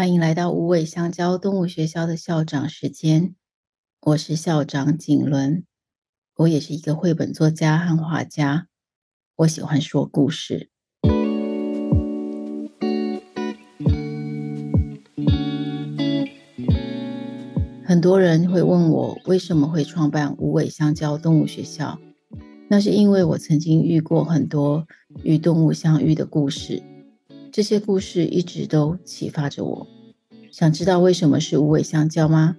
歡迎來到無尾香蕉動物學校的校長時間，我是校長景倫，我也是一個繪本作家和畫家，我喜歡說故事。很多人會問我為什麼會創辦無尾香蕉動物學校？那是因為我曾經遇過很多與動物相遇的故事。這些故事一直都啟發着我。想知道為什麼是無尾香蕉嗎？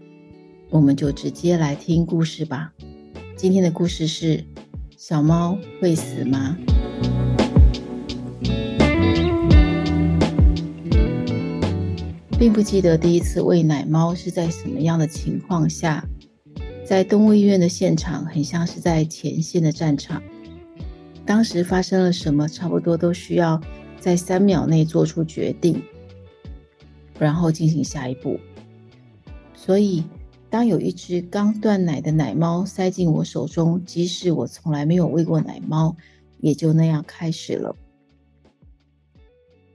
我們就直接來聽故事吧。今天的故事是：小貓會死嗎？並不記得第一次餵奶貓是在什麼樣的情況下，在動物醫院的現場很像是在前線的戰場。當時發生了什麼？差不多都需要，在三秒內做出決定，然後進行下一步。所以，當有一隻剛斷奶的奶貓塞進我手中，即使我從來沒有餵過奶貓，也就那樣開始了。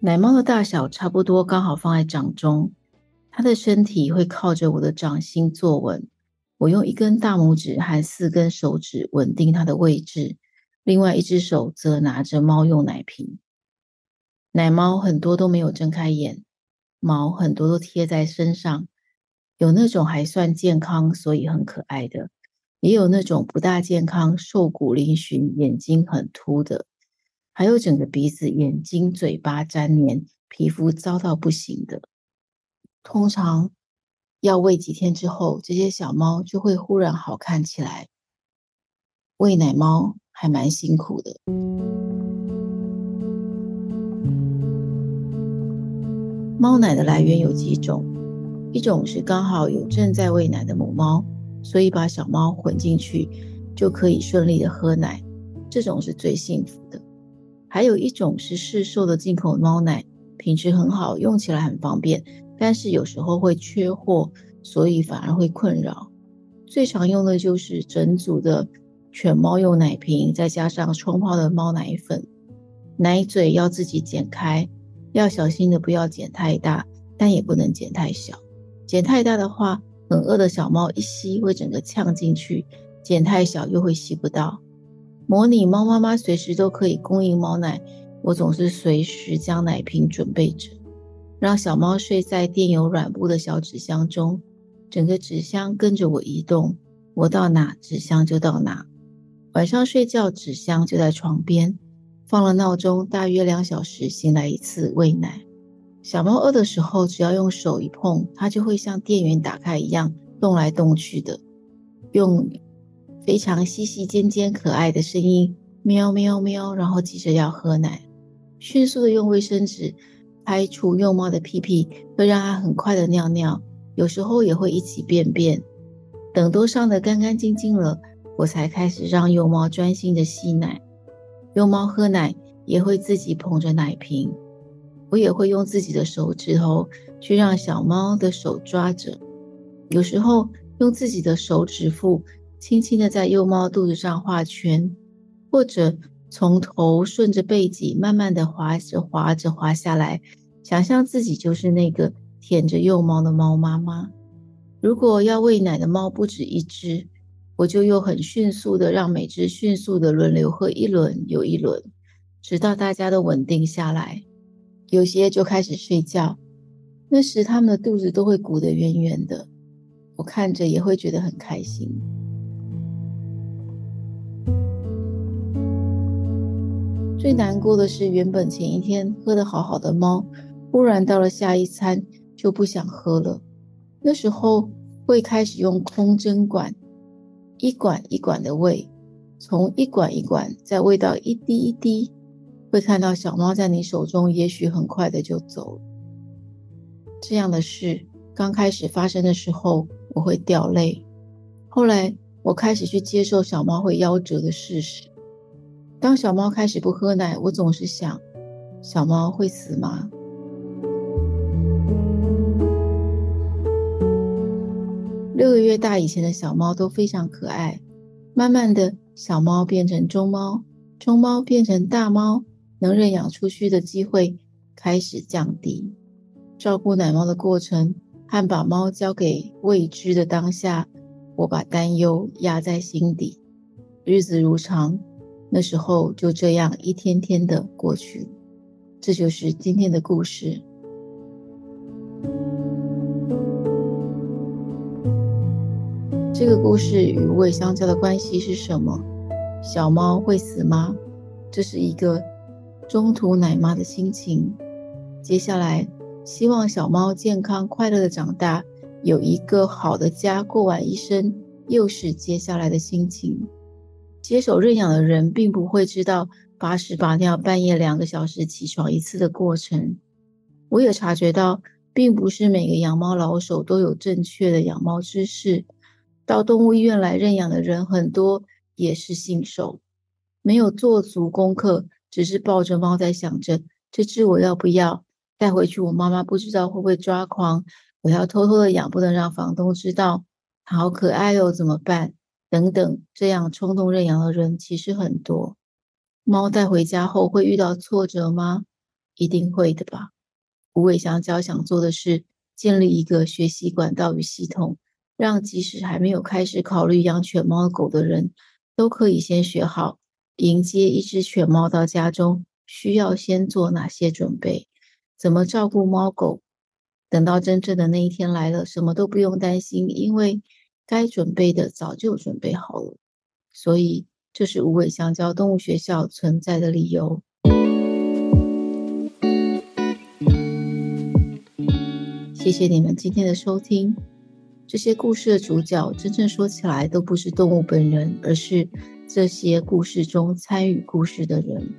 奶貓的大小差不多剛好放在掌中，它的身體會靠着我的掌心坐穩。我用一根大拇指和四根手指穩定它的位置，另外一隻手則拿着貓用奶瓶。奶貓很多都沒有睜開眼，毛很多都貼在身上，有那種還算健康，所以很可愛的，也有那種不大健康、瘦骨嶙峋、眼睛很凸的，還有整個鼻子、眼睛、嘴巴粘連、皮膚糟到不行的。通常要餵幾天之後，這些小貓就會忽然好看起來。餵奶貓還蠻辛苦的。貓奶的來源有幾種，一種是剛好有正在餵奶的母貓，所以把小貓混進去，就可以順利的喝奶，這種是最幸福的。還有一種是市售的進口貓奶，品質很好，用起來很方便，但是有時候會缺貨，所以反而會困擾。最常用的就是整組的犬貓用奶瓶，再加上沖泡的貓奶粉，奶嘴要自己剪開。要小心的，不要剪太大，但也不能剪太小。剪太大的話，很餓的小貓一吸會整個嗆進去；剪太小又會吸不到。模擬貓媽媽隨時都可以供應貓奶，我總是隨時將奶瓶準備着，讓小貓睡在墊有軟布的小紙箱中，整個紙箱跟着我移動，我到哪紙箱就到哪。晚上睡覺，紙箱就在床邊。放了鬧鐘，大約兩小時醒來一次餵奶。小貓餓的時候，只要用手一碰，它就會像電源打開一樣動來動去的，用非常細細尖尖、尖、可愛的聲音“喵喵喵”，然後急着要喝奶。迅速的用衛生紙拍出幼貓的屁屁，會讓它很快的尿尿。有時候也會一起便便。等都上的乾乾淨淨了，我才開始讓幼貓專心的吸奶。幼貓喝奶也會自己捧着奶瓶，我也會用自己的手指頭去讓小貓的手抓着，有時候用自己的手指腹輕輕地在幼貓肚子上畫圈，或者從頭順着背脊慢慢地滑着滑着滑下來，想象自己就是那個舔着幼貓的貓媽媽。如果要餵奶的貓不止一隻。我就又很迅速的讓每隻迅速的輪流喝一輪又一輪，直到大家都穩定下來，有些就開始睡覺。那時他們的肚子都會鼓得圓圓的，我看着也會覺得很開心。最難過的是，原本前一天喝得好好的貓，忽然到了下一餐就不想喝了。那時候會開始用空針管。一管一管的餵，從一管一管再餵到一滴一滴，會看到小貓在你手中，也許很快的就走了。這樣的事剛開始發生的時候，我會掉淚。後來我開始去接受小貓會夭折的事實。當小貓開始不喝奶，我總是想：小貓會死嗎？六個月大以前的小貓都非常可愛，慢慢的小貓變成中貓，中貓變成大貓，能認養出去的機會開始降低。照顧奶貓的過程和把貓交給未知的當下，我把擔憂壓在心底。日子如常，那時候就這樣一天天的過去。這就是今天的故事。這個故事與無尾香蕉的關係是什麼？小貓會死嗎？這是一個中途奶媽的心情。接下來，希望小貓健康快樂地長大，有一個好的家，過完一生，又是接下來的心情。接手認養的人並不會知道，把屎把尿，半夜兩個小時起床一次的過程。我也察覺到，並不是每個養貓老手都有正確的養貓知識。到動物醫院來認養的人很多，也是新手，沒有做足功課，只是抱着貓在想着這只我要不要帶回去？我媽媽不知道會不會抓狂？我要偷偷的養，不能讓房東知道。好可愛哦，怎麼辦？等等，這樣衝動認養的人其實很多。貓帶回家後會遇到挫折嗎？一定會的吧。無尾香蕉想做的是建立一個學習管道與系統。讓即使還沒有開始考慮養犬貓貓狗的人，都可以先學好，迎接一隻犬貓到家中，需要先做哪些準備，怎麼照顧貓狗。等到真正的那一天來了，什麼都不用擔心，因為該準備的早就準備好了。所以，這是無尾香蕉動物學校存在的理由。謝謝你們今天的收聽。這些故事的主角，真正說起來都不是動物本人，而是這些故事中參與故事的人。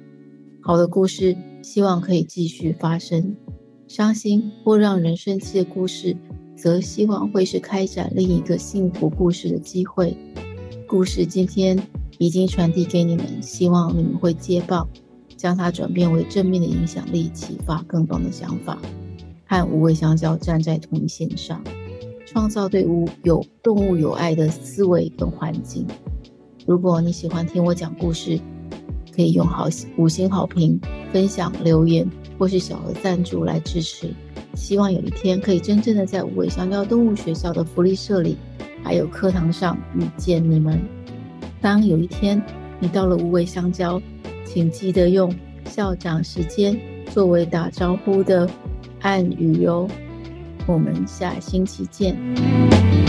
好的故事，希望可以繼續發生；傷心或讓人生氣的故事，則希望會是開展另一個幸福故事的機會。故事今天已經傳遞給你們，希望你們會接棒，將它轉變為正面的影響力，啟發更多的想法，和無尾香蕉站在同一線上。創造對無有動物有愛的思維跟環境。如果你喜歡聽我講故事，可以用好五星好評、分享留言或是小額贊助來支持。希望有一天可以真正的在無尾香蕉動物學校的福利社裡，還有課堂上遇見你們。當有一天你到了無尾香蕉，請記得用校長時間作為打招呼的暗語喲、哦。我們下星期見。